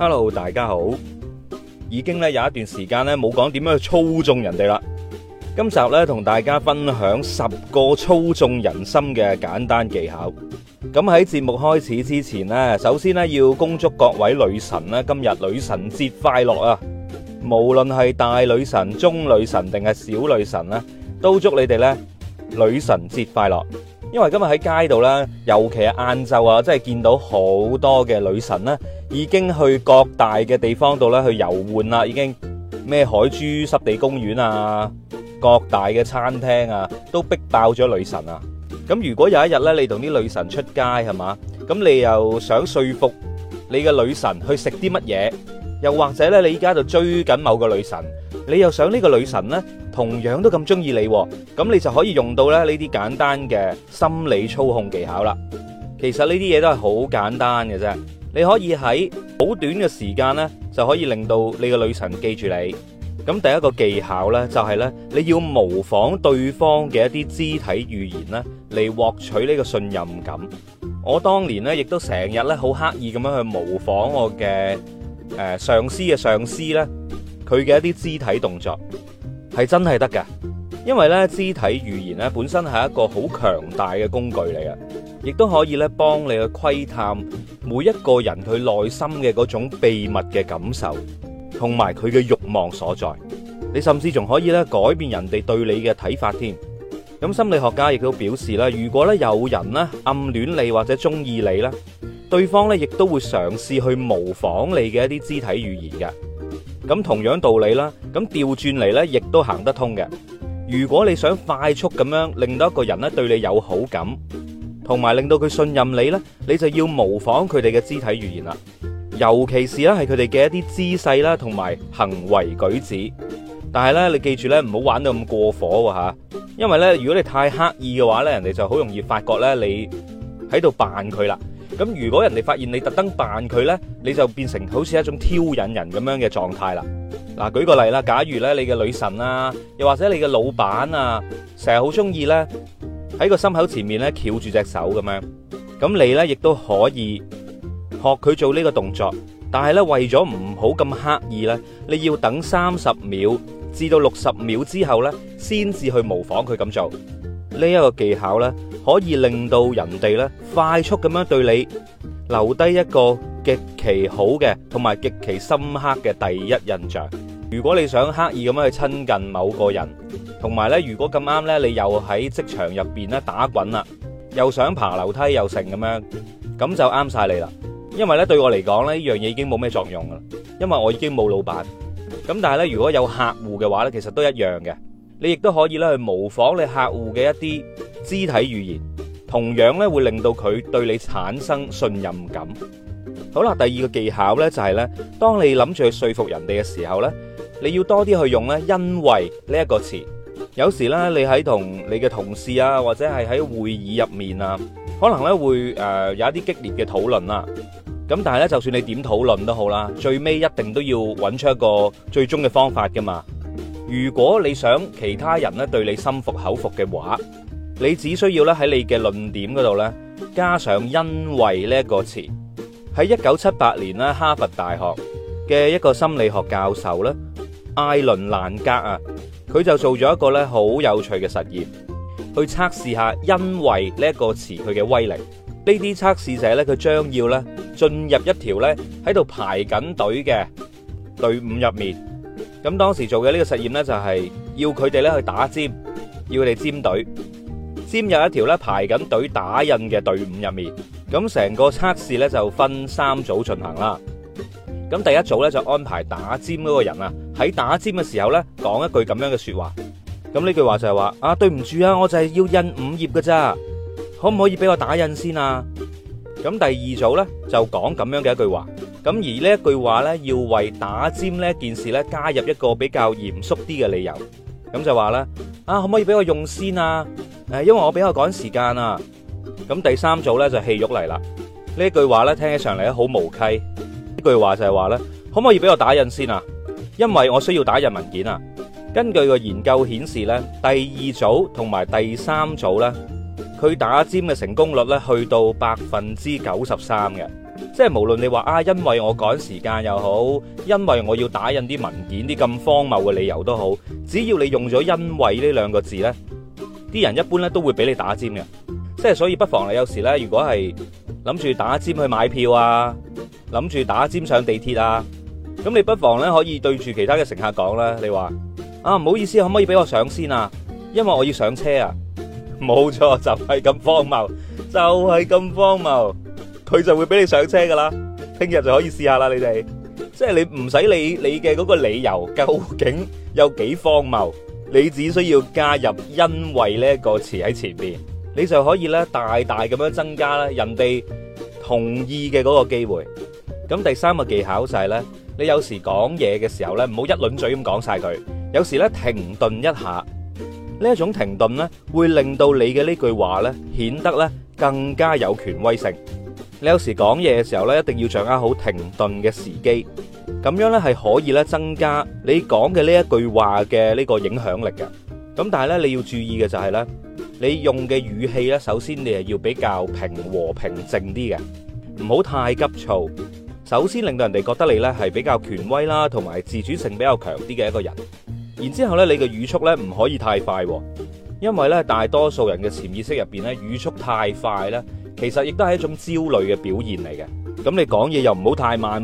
Hello，大家好。已經咧有一段時間咧冇講點樣去操縱人哋啦。已經去各大嘅地方度咧去遊玩啦，已經咩海珠濕地公園啊，各大嘅餐廳啊，都逼爆咗女神啊。咁如果有一日呢，你同啲女神出街係嘛，咁你又想說服你嘅女神去食啲乜嘢，又或者呢，你依家就追緊某個女神，你又想呢個女神呢同樣都咁中意你，咁你就可以用到咧呢啲簡單嘅心理操控技巧啦。其實呢啲嘢都係好簡單嘅啫。你可以喺好短嘅時間呢就可以令到你嘅女神記住你。咁第一個技巧呢，就係呢你要模仿對方嘅一啲肢體語言呢嚟獲取呢個信任感。我當年呢，亦都成日呢，好刻意咁樣去模仿我嘅誒上司嘅上司呢，佢嘅一啲肢體動作係真係得㗎。因為呢肢體語言呢本身係一個好強大嘅工具嚟嘅。亦都可以咧，幫你去窺探每一個人佢內心嘅嗰種秘密嘅感受，同埋佢嘅慾望所在。你甚至仲可以咧改變人哋對你嘅睇法添。咁心理學家亦都表示啦，如果咧有人咧暗戀你或者中意你啦，對方咧亦都會嘗試去模仿你嘅一啲肢體語言嘅。咁同樣道理啦，咁調轉嚟咧亦都行得通嘅。如果你想快速咁樣令到一個人咧對你有好感。同埋令到佢信任你呢，你就要模仿佢哋嘅肢體語言啦，尤其是咧係佢哋嘅一啲姿勢啦，同埋行為舉止。但係呢，你記住呢，唔好玩到咁過火吓，因為呢，如果你太刻意嘅話呢，人哋就好容易發覺呢，你喺度扮佢啦。咁如果人哋發現你特登扮佢呢，你就變成好似一種挑釁人咁樣嘅狀態啦。嗱，舉個例啦，假如呢，你嘅女神啊，又或者你嘅老闆啊，成日好中意呢。喺個心口前面咧，翹住隻手咁樣，咁你呢亦都可以學佢做呢個動作，但係呢，為咗唔好咁刻意呢，你要等三十秒至到六十秒之後呢，先至去模仿佢咁做。呢一個技巧呢，可以令到人哋呢快速咁樣對你留低一個極其好嘅同埋極其深刻嘅第一印象。如果你想刻意咁樣去親近某個人，同埋呢，如果咁啱呢，你又喺職場入邊呢打滾啦，又想爬樓梯又成咁樣，咁就啱晒你啦。因為呢，對我嚟講呢，呢樣嘢已經冇咩作用㗎啦，因為我已經冇老闆。咁但係呢，如果有客戶嘅話呢，其實都一樣嘅，你亦都可以咧，去模仿你客戶嘅一啲肢體語言，同樣呢，會令到佢對你產生信任感。好啦，第二個技巧呢就係呢，當你諗住去說服人哋嘅時候呢。你要多啲去用咧，因為呢一個詞有時咧，你喺同你嘅同事啊，或者係喺會議入面啊，可能咧會誒有一啲激烈嘅討論啦。咁但係咧，就算你點討論都好啦，最尾一定都要揾出一個最終嘅方法噶嘛。如果你想其他人咧對你心服口服嘅話，你只需要咧喺你嘅論點嗰度咧加上因為呢一個詞，喺一九七八年咧，哈佛大學嘅一個心理學教授咧。艾倫蘭格啊，佢就做咗一個好有趣嘅實驗，去測試下因為呢一個詞佢嘅威力。呢啲測試者呢，佢將要咧進入一條呢喺度排緊隊嘅隊伍入面。咁當時做嘅呢個實驗呢，就係要佢哋去打尖，要佢哋尖隊，尖入一條排緊隊打印嘅隊伍入面。咁成個測試呢，就分三組進行啦。咁第一組呢，就安排打尖嗰個人啊。喺打尖嘅時候呢，講一句咁樣嘅說話。咁呢句話就係話啊，對唔住啊，我就係要印五頁嘅咋，可唔可以俾我打印先啊？咁第二組呢，就講咁樣嘅一句話。咁而呢一句話呢，要為打尖呢件事呢，加入一個比較嚴肅啲嘅理由。咁就話呢，啊，可唔可以俾我用先啊？誒，因為我比較趕時間啊。咁第三組呢，就戲肉嚟啦。呢句話呢，聽起上嚟好無稽。呢句話就係話呢，可唔可以俾我打印先啊？因為我需要打印文件啊，根據個研究顯示呢，第二組同埋第三組呢，佢打尖嘅成功率呢去到百分之九十三嘅，即係無論你話啊，因為我趕時間又好，因為我要打印啲文件啲咁荒謬嘅理由都好，只要你用咗因為呢兩個字呢，啲人一般呢都會俾你打尖嘅，即係所以不妨你有時呢，如果係諗住打尖去買票啊，諗住打尖上地鐵啊。咁你不妨咧，可以對住其他嘅乘客講啦。你話啊，唔好意思，可唔可以俾我上先啊？因為我要上車啊。冇錯，就係咁荒謬，就係咁荒謬，佢就會俾你上車噶啦。聽日就可以試下啦，你哋即係你唔使理你嘅嗰個理由究竟有幾荒謬，你只需要加入因為呢個詞喺前面，你就可以咧大大咁樣增加啦人哋同意嘅嗰個機會。咁第三個技巧就係咧。你有時講嘢嘅時候呢，唔好一輪嘴咁講晒佢。有時呢，停頓一下，呢一種停頓呢，會令到你嘅呢句話呢，顯得呢更加有權威性。你有時講嘢嘅時候呢，一定要掌握好停頓嘅時機，咁樣呢，係可以呢增加你講嘅呢一句話嘅呢個影響力嘅。咁但係呢，你要注意嘅就係呢：你用嘅語氣呢，首先你係要比較平和平靜啲嘅，唔好太急躁。首先令到人哋覺得你呢係比較權威啦，同埋自主性比較強啲嘅一個人。然之後呢，你嘅語速呢唔可以太快，因為呢大多數人嘅潛意識入邊呢語速太快呢，其實亦都係一種焦慮嘅表現嚟嘅。咁你講嘢又唔好太慢，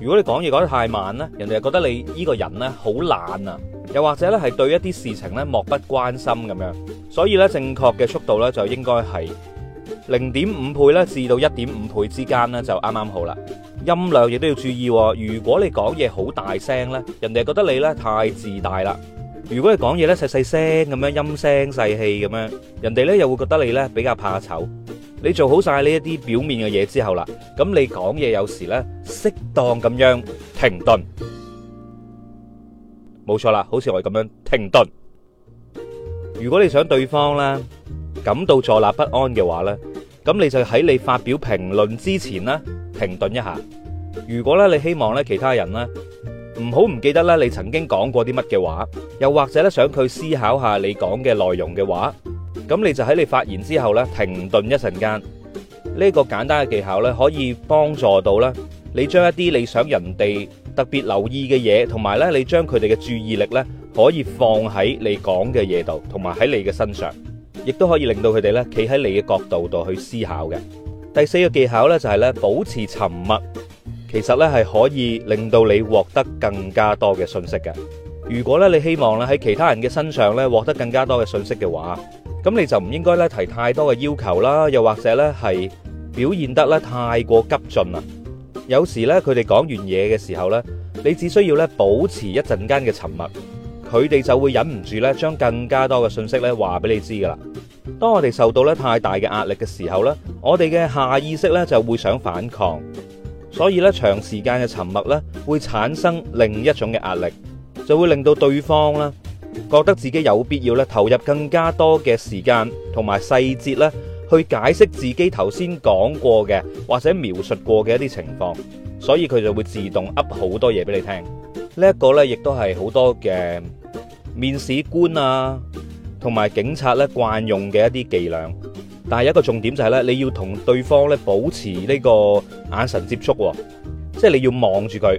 如果你講嘢講得太慢呢，人哋就覺得你呢個人呢好懶啊，又或者呢係對一啲事情呢漠不關心咁樣。所以呢，正確嘅速度呢，就應該係零點五倍呢至到一點五倍之間呢，就啱啱好啦。音量亦都要注意，如果你講嘢好大聲呢，人哋覺得你呢太自大啦；如果你講嘢呢細細聲咁樣陰聲細氣咁樣，人哋呢又會覺得你呢比較怕醜。你做好晒呢一啲表面嘅嘢之後啦，咁你講嘢有時呢適當咁樣停頓，冇錯啦，好似我咁樣停頓。如果你想對方呢感到坐立不安嘅話呢，咁你就喺你發表評論之前呢。停頓一下，如果咧你希望咧其他人咧唔好唔記得咧你曾經講過啲乜嘅話，又或者咧想佢思考下你講嘅內容嘅話，咁你就喺你發言之後咧停頓一陣間，呢個簡單嘅技巧咧可以幫助到咧你將一啲你想人哋特別留意嘅嘢，同埋咧你將佢哋嘅注意力咧可以放喺你講嘅嘢度，同埋喺你嘅身上，亦都可以令到佢哋咧企喺你嘅角度度去思考嘅。第四個技巧呢，就係呢保持沉默，其實呢，係可以令到你獲得更加多嘅信息嘅。如果呢，你希望咧喺其他人嘅身上呢獲得更加多嘅信息嘅話，咁你就唔應該呢，提太多嘅要求啦，又或者呢，係表現得呢，太過急進啦。有時呢，佢哋講完嘢嘅時候呢，你只需要呢，保持一陣間嘅沉默，佢哋就會忍唔住呢，將更加多嘅信息呢，話俾你知噶啦。當我哋受到咧太大嘅壓力嘅時候呢，我哋嘅下意識呢就會想反抗，所以呢，長時間嘅沉默呢會產生另一種嘅壓力，就會令到對方啦覺得自己有必要呢投入更加多嘅時間同埋細節呢去解釋自己頭先講過嘅或者描述過嘅一啲情況，所以佢就會自動噏好多嘢俾你聽。呢一個呢亦都係好多嘅面試官啊。同埋警察咧慣用嘅一啲伎倆，但係一個重點就係咧，你要同對方咧保持呢個眼神接觸，即係你要望住佢，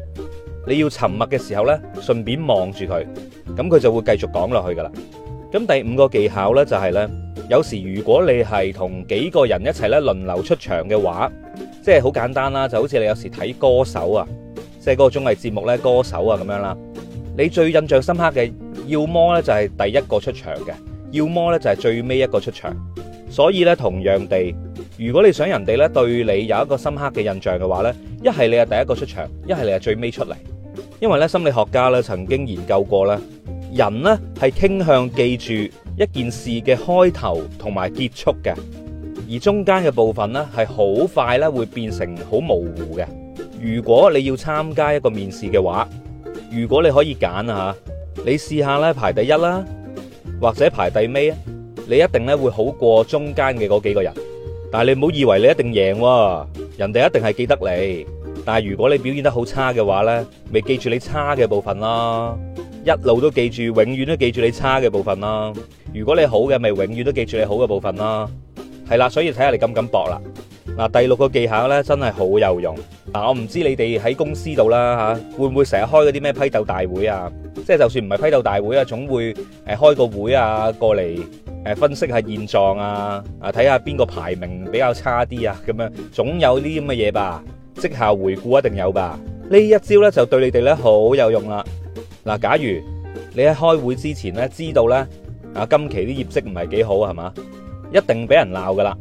你要沉默嘅時候咧，順便望住佢，咁佢就會繼續講落去噶啦。咁第五個技巧咧就係咧，有時如果你係同幾個人一齊咧輪流出場嘅話，即係好簡單啦，就好似你有時睇歌手啊，即係嗰個綜藝節目咧歌手啊咁樣啦，你最印象深刻嘅，要麼咧就係第一個出場嘅。要麼咧就係最尾一個出場，所以咧同樣地，如果你想人哋咧對你有一個深刻嘅印象嘅話呢，一係你係第一個出場，一係你係最尾出嚟。因為咧心理學家咧曾經研究過啦，人呢係傾向記住一件事嘅開頭同埋結束嘅，而中間嘅部分呢係好快咧會變成好模糊嘅。如果你要參加一個面試嘅話，如果你可以揀吓，你試下咧排第一啦。或者排第尾啊，你一定咧會好過中間嘅嗰幾個人，但係你唔好以為你一定贏喎，人哋一定係記得你，但係如果你表現得好差嘅話呢，咪記住你差嘅部分咯，一路都記住，永遠都記住你差嘅部分咯，如果你好嘅咪永遠都記住你好嘅部分咯，係啦，所以睇下你敢唔敢搏啦。嗱，第六個技巧呢真係好有用。嗱，我唔知你哋喺公司度啦吓，會唔會成日開嗰啲咩批鬥大會啊？即係就算唔係批鬥大會啊，總會誒開個會啊，過嚟誒分析下現狀啊，啊睇下邊個排名比較差啲啊，咁樣總有呢啲咁嘅嘢吧？績效回顧一定有吧？呢一招呢，就對你哋呢好有用啦。嗱，假如你喺開會之前呢，知道呢啊，今期啲業績唔係幾好係嘛，一定俾人鬧噶啦。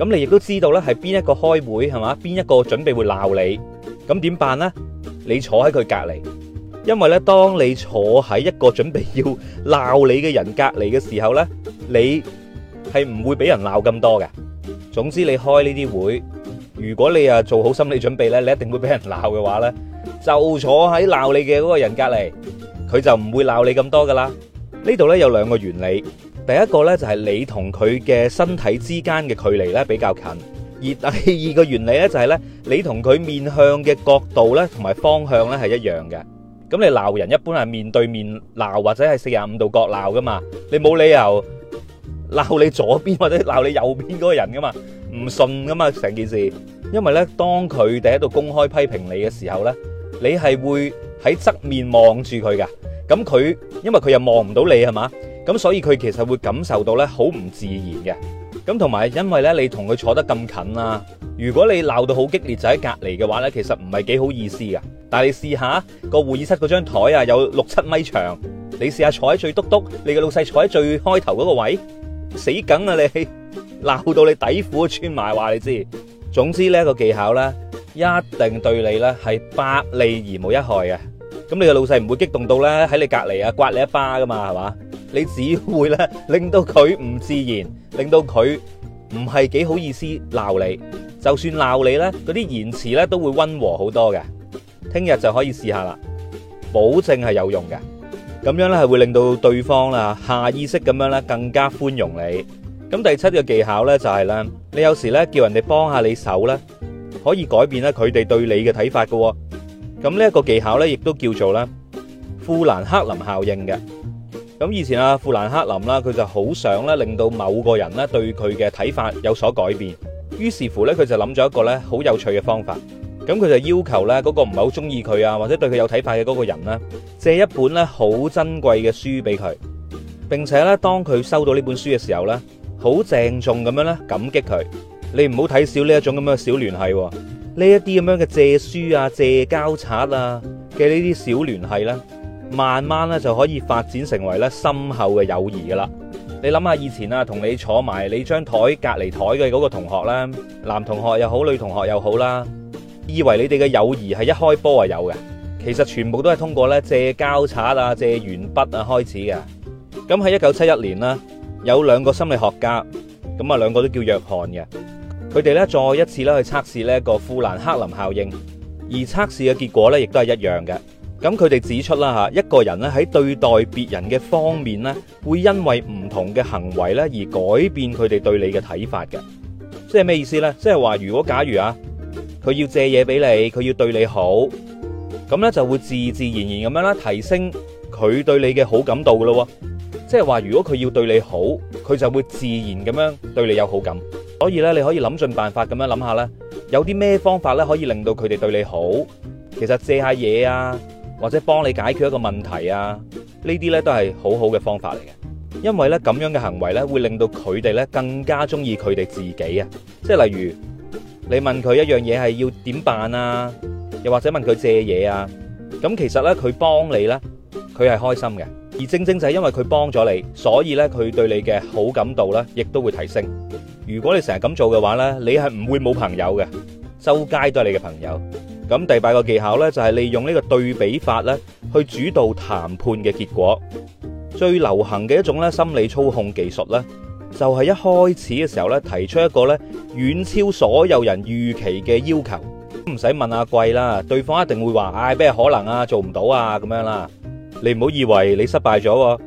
咁你亦都知道咧，係邊一個開會係嘛？邊一個準備會鬧你？咁點辦呢？你坐喺佢隔籬，因為咧，當你坐喺一個準備要鬧你嘅人隔籬嘅時候呢，你係唔會俾人鬧咁多嘅。總之你開呢啲會，如果你啊做好心理準備呢，你一定會俾人鬧嘅話呢，就坐喺鬧你嘅嗰個人隔籬，佢就唔會鬧你咁多噶啦。呢度呢有兩個原理。第一個咧就係你同佢嘅身體之間嘅距離咧比較近，而第二個原理咧就係咧你同佢面向嘅角度咧同埋方向咧係一樣嘅。咁你鬧人一般係面對面鬧或者係四廿五度角四十五度角鬧噶嘛，你冇理由鬧你左邊或者鬧你右邊嗰個人噶嘛，唔順噶嘛成件事。因為咧，當佢哋喺度公開批評你嘅時候咧，你係會喺側面望住佢噶。咁佢因為佢又望唔到你係嘛？咁所以佢其實會感受到咧好唔自然嘅，咁同埋因為咧你同佢坐得咁近啦，如果你鬧到好激烈就喺隔離嘅話咧，其實唔係幾好意思嘅。但係你試下個會議室嗰張台啊，有六七米長，你試下坐喺最篤篤，你嘅老細坐喺最開頭嗰個位，死梗啊你！鬧到你底褲都穿埋，話你知。總之呢個技巧咧，一定對你咧係百利而無一害嘅。咁你嘅老細唔會激動到咧喺你隔離啊刮你一巴噶嘛，係嘛？你只會咧令到佢唔自然，令到佢唔係幾好意思鬧你。就算鬧你咧，嗰啲言辭咧都會溫和好多嘅。聽日就可以試下啦，保證係有用嘅。咁樣咧係會令到對方啦下意識咁樣咧更加寬容你。咁第七個技巧咧就係啦，你有時咧叫人哋幫下你手咧，可以改變咧佢哋對你嘅睇法嘅。咁呢一個技巧咧亦都叫做啦富蘭克林效應嘅。咁以前啊，富蘭克林啦，佢就好想咧令到某個人咧對佢嘅睇法有所改變，於是乎咧，佢就諗咗一個咧好有趣嘅方法。咁佢就要求咧嗰個唔係好中意佢啊，或者對佢有睇法嘅嗰個人咧，借一本咧好珍貴嘅書俾佢，並且咧當佢收到呢本書嘅時候咧，好鄭重咁樣咧感激佢。你唔好睇少呢一種咁樣嘅小聯繫，呢一啲咁樣嘅借書啊、借膠擦啊嘅呢啲小聯繫啦。慢慢咧，就可以發展成為咧深厚嘅友誼噶啦。你諗下以前啊，同你坐埋你張台隔籬台嘅嗰個同學啦，男同學又好，女同學又好啦，以為你哋嘅友誼係一開波就有嘅，其實全部都係通過咧借膠擦啊、借鉛筆啊開始嘅。咁喺一九七一年啦，有兩個心理學家，咁啊兩個都叫約翰嘅，佢哋咧再一次咧去測試呢一個富蘭克林效應，而測試嘅結果咧亦都係一樣嘅。咁佢哋指出啦吓，一個人咧喺對待別人嘅方面咧，會因為唔同嘅行為咧而改變佢哋對你嘅睇法嘅。即係咩意思呢？即係話如果假如啊，佢要借嘢俾你，佢要對你好，咁呢，就會自自然然咁樣啦，提升佢對你嘅好感度噶咯。即係話如果佢要對你好，佢就會自然咁樣對你有好感。所以呢，你可以諗盡辦法咁樣諗下啦，有啲咩方法呢，可以令到佢哋對你好？其實借下嘢啊。或者幫你解決一個問題啊，呢啲呢都係好好嘅方法嚟嘅，因為呢咁樣嘅行為呢會令到佢哋呢更加中意佢哋自己啊，即係例如你問佢一樣嘢係要點辦啊，又或者問佢借嘢啊，咁其實呢，佢幫你呢，佢係開心嘅，而正正就係因為佢幫咗你，所以呢，佢對你嘅好感度呢亦都會提升。如果你成日咁做嘅話呢，你係唔會冇朋友嘅，周街都係你嘅朋友。咁第八個技巧呢，就係利用呢個對比法呢，去主導談判嘅結果。最流行嘅一種呢心理操控技術呢，就係一開始嘅時候呢，提出一個呢遠超所有人預期嘅要求，唔使問阿貴啦，對方一定會話，唉，咩可能啊，做唔到啊，咁樣啦。你唔好以為你失敗咗，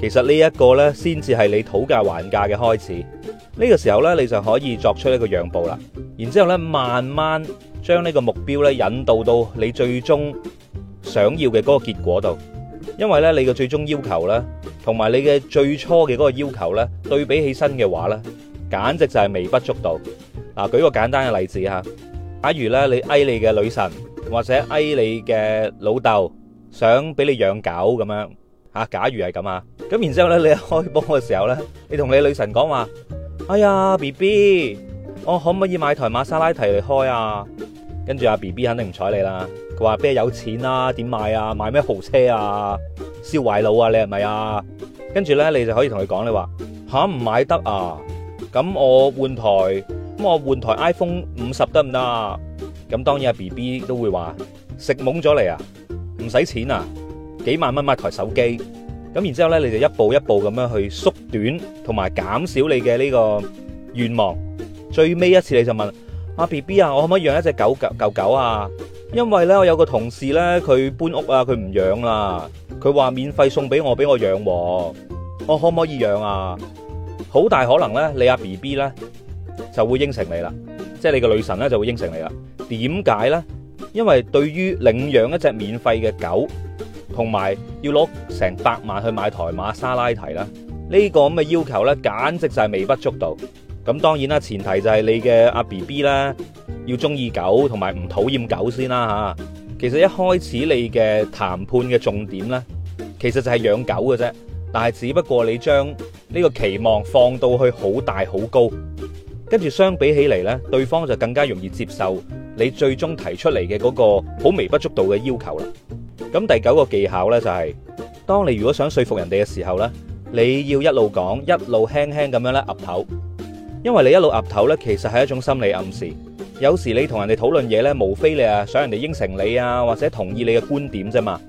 其實呢一個呢，先至係你討價還價嘅開始。呢個時候呢，你就可以作出一個讓步啦，然之後呢，慢慢。將呢個目標咧引導到你最終想要嘅嗰個結果度，因為咧你嘅最終要求咧，同埋你嘅最初嘅嗰個要求咧，對比起身嘅話咧，簡直就係微不足道。嗱，舉個簡單嘅例子吓，假如咧你嗌你嘅女神或者嗌你嘅老豆，想俾你養狗咁樣吓，假如係咁啊，咁然之後咧你開波嘅時候咧，你同你女神講話：哎呀，BB，我可唔可以買台瑪莎拉蒂嚟開啊？跟住阿 B B 肯定唔睬你啦，佢話咩有錢啊？點買啊？買咩豪車啊？燒壞腦啊？你係咪啊？跟住咧，你就可以同佢講，你話吓唔買得啊？咁我換台，咁我換台 iPhone 五十得唔得啊？咁當然阿 B B 都會話食懵咗你啊，唔使錢啊，幾萬蚊買台手機。咁然之後咧，你就一步一步咁樣去縮短同埋減少你嘅呢個願望。最尾一次你就問。阿 B B 啊，寶寶，我可唔可以養一隻狗狗、狗狗啊？因為呢，我有個同事呢，佢搬屋啊，佢唔養啦，佢話免費送俾我，俾我養，啊，我可唔可以養啊？好大可能呢，你阿 B B 呢就會應承你啦，即係你個女神呢就會應承你啦。點解呢？因為對於領養一隻免費嘅狗，同埋要攞成百萬去買台瑪莎拉蒂啦，呢個咁嘅要求呢，簡直就係微不足道。咁當然啦，前提就係你嘅阿 BB 啦，要中意狗同埋唔討厭狗先啦吓。其實一開始你嘅談判嘅重點咧，其實就係養狗嘅啫，但係只不過你將呢個期望放到去好大好高，跟住相比起嚟咧，對方就更加容易接受你最終提出嚟嘅嗰個好微不足道嘅要求啦。咁第九個技巧咧就係，當你如果想說服人哋嘅時候咧，你要一路講，一路輕輕咁樣咧岌頭。因為你一路岌頭呢，其實係一種心理暗示。有時你同人哋討論嘢呢，無非你啊想人哋應承你啊，或者同意你嘅觀點啫嘛。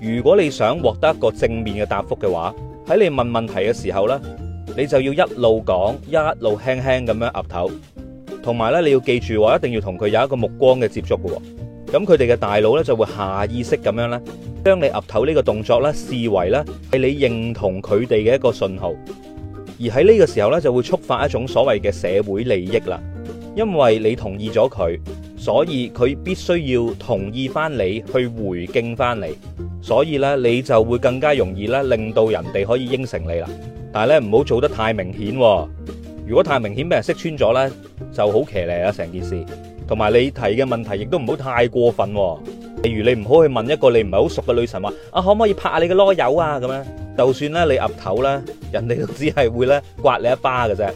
如果你想獲得一個正面嘅答覆嘅話，喺你問問題嘅時候呢，你就要一路講，一路輕輕咁樣岌頭。同埋呢，你要記住，一定要同佢有一個目光嘅接觸嘅。咁佢哋嘅大腦呢就會下意識咁樣呢，將你岌頭呢個動作呢，視為呢係你認同佢哋嘅一個信號。而喺呢個時候呢，就會觸發一種所謂嘅社會利益啦，因為你同意咗佢，所以佢必須要同意翻你，去回敬翻你，所以呢，你就會更加容易呢令到人哋可以應承你啦。但係咧唔好做得太明顯，如果太明顯俾人識穿咗呢，就好騎呢啦成件事。同埋你提嘅問題亦都唔好太過分。例如你唔好去問一個你唔係好熟嘅女神話啊，可唔可以拍下你嘅囉柚啊？咁樣，就算咧你岌頭咧，人哋都只係會咧刮你一巴嘅啫。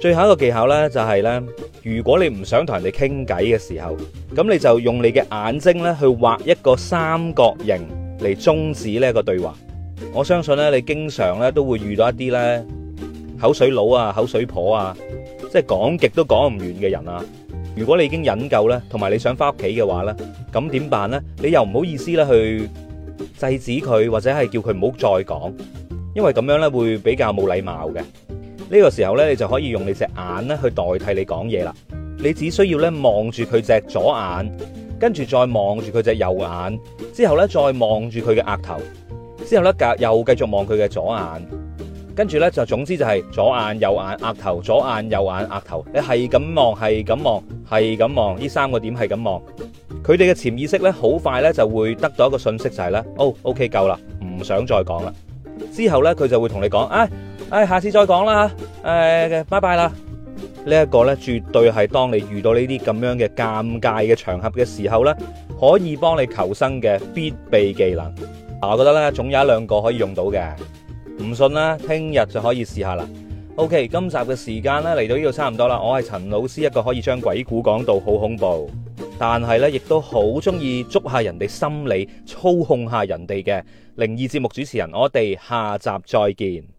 最後一個技巧咧就係咧，如果你唔想同人哋傾偈嘅時候，咁你就用你嘅眼睛咧去畫一個三角形嚟終止呢一個對話。我相信咧你經常咧都會遇到一啲咧口水佬啊、口水婆啊，即係講極都講唔完嘅人啊。如果你已經忍夠咧，同埋你想翻屋企嘅話咧，咁點辦呢？你又唔好意思咧去制止佢，或者係叫佢唔好再講，因為咁樣咧會比較冇禮貌嘅。呢個時候呢，你就可以用你隻眼咧去代替你講嘢啦。你只需要咧望住佢隻左眼，跟住再望住佢隻右眼，之後呢再望住佢嘅額頭，之後呢又繼續望佢嘅左眼。跟住呢，就，總之就係左眼、右眼、額頭，左眼、右眼、額頭，你係咁望，係咁望，係咁望，呢三個點係咁望，佢哋嘅潛意識呢，好快呢就會得到一個信息，就是，就係呢：「哦，OK 夠啦，唔想再講啦。」之後呢，佢就會同你講，啊，唉，下次再講啦，誒、哎，拜拜啦。呢、這、一個呢，絕對係當你遇到呢啲咁樣嘅尷尬嘅場合嘅時候呢，可以幫你求生嘅必備技能。我覺得呢，總有一兩個可以用到嘅。唔信啦，聽日就可以試下啦。OK，今集嘅時間呢嚟到呢度差唔多啦。我係陳老師，一個可以將鬼故講到好恐怖，但係呢亦都好中意捉下人哋心理，操控下人哋嘅靈異節目主持人。我哋下集再見。